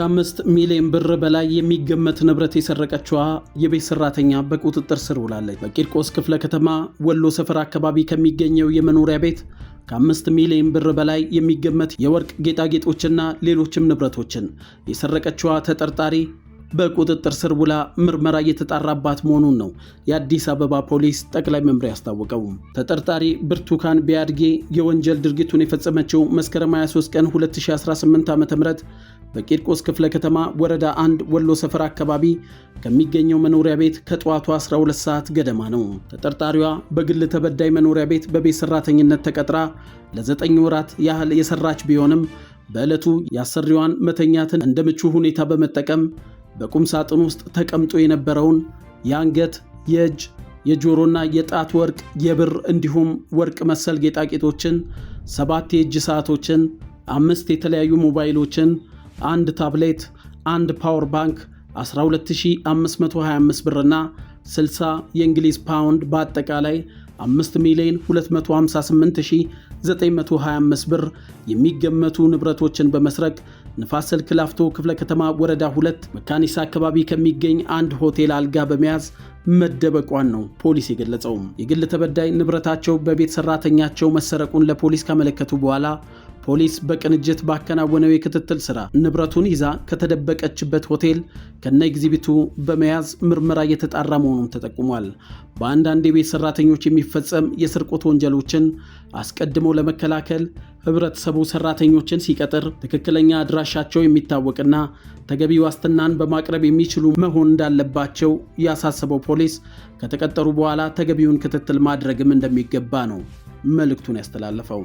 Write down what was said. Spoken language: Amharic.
ከአምስት ሚሊዮን ብር በላይ የሚገመት ንብረት የሰረቀችዋ የቤት ሰራተኛ በቁጥጥር ስር ውላለች። በቂርቆስ ክፍለ ከተማ ወሎ ሰፈር አካባቢ ከሚገኘው የመኖሪያ ቤት ከአምስት ሚሊዮን ብር በላይ የሚገመት የወርቅ ጌጣጌጦችና ሌሎችም ንብረቶችን የሰረቀችዋ ተጠርጣሪ በቁጥጥር ስር ውላ ምርመራ እየተጣራባት መሆኑን ነው የአዲስ አበባ ፖሊስ ጠቅላይ መምሪያ ያስታወቀው። ተጠርጣሪ ብርቱካን ቢያድጌ የወንጀል ድርጊቱን የፈጸመችው መስከረም 23 ቀን 2018 ዓ.ም በቂርቆስ ክፍለ ከተማ ወረዳ አንድ ወሎ ሰፈር አካባቢ ከሚገኘው መኖሪያ ቤት ከጠዋቱ 12 ሰዓት ገደማ ነው። ተጠርጣሪዋ በግል ተበዳይ መኖሪያ ቤት በቤት ሰራተኝነት ተቀጥራ ለዘጠኝ ወራት ያህል የሰራች ቢሆንም በዕለቱ የአሰሪዋን መተኛትን እንደ ምቹ ሁኔታ በመጠቀም በቁም ሳጥን ውስጥ ተቀምጦ የነበረውን የአንገት፣ የእጅ፣ የጆሮና የጣት ወርቅ፣ የብር እንዲሁም ወርቅ መሰል ጌጣጌጦችን፣ ሰባት የእጅ ሰዓቶችን፣ አምስት የተለያዩ ሞባይሎችን አንድ ታብሌት፣ አንድ ፓወር ባንክ 12525 ብርና 60 የእንግሊዝ ፓውንድ በአጠቃላይ 5258925 ብር የሚገመቱ ንብረቶችን በመስረቅ ንፋስ ስልክ ላፍቶ ክፍለ ከተማ ወረዳ ሁለት መካኒሳ አካባቢ ከሚገኝ አንድ ሆቴል አልጋ በመያዝ መደበቋን ነው ፖሊስ የገለጸውም። የግል ተበዳይ ንብረታቸው በቤት ሰራተኛቸው መሰረቁን ለፖሊስ ካመለከቱ በኋላ ፖሊስ በቅንጅት ባከናወነው የክትትል ስራ ንብረቱን ይዛ ከተደበቀችበት ሆቴል ከነ ኤግዚቢቱ በመያዝ ምርመራ እየተጣራ መሆኑም ተጠቁሟል። በአንዳንድ የቤት ሰራተኞች የሚፈጸም የስርቆት ወንጀሎችን አስቀድሞ ለመከላከል ህብረተሰቡ ሰራተኞችን ሲቀጥር ትክክለኛ አድራሻቸው የሚታወቅና ተገቢ ዋስትናን በማቅረብ የሚችሉ መሆን እንዳለባቸው ያሳሰበው ፖሊስ ከተቀጠሩ በኋላ ተገቢውን ክትትል ማድረግም እንደሚገባ ነው መልእክቱን ያስተላለፈው።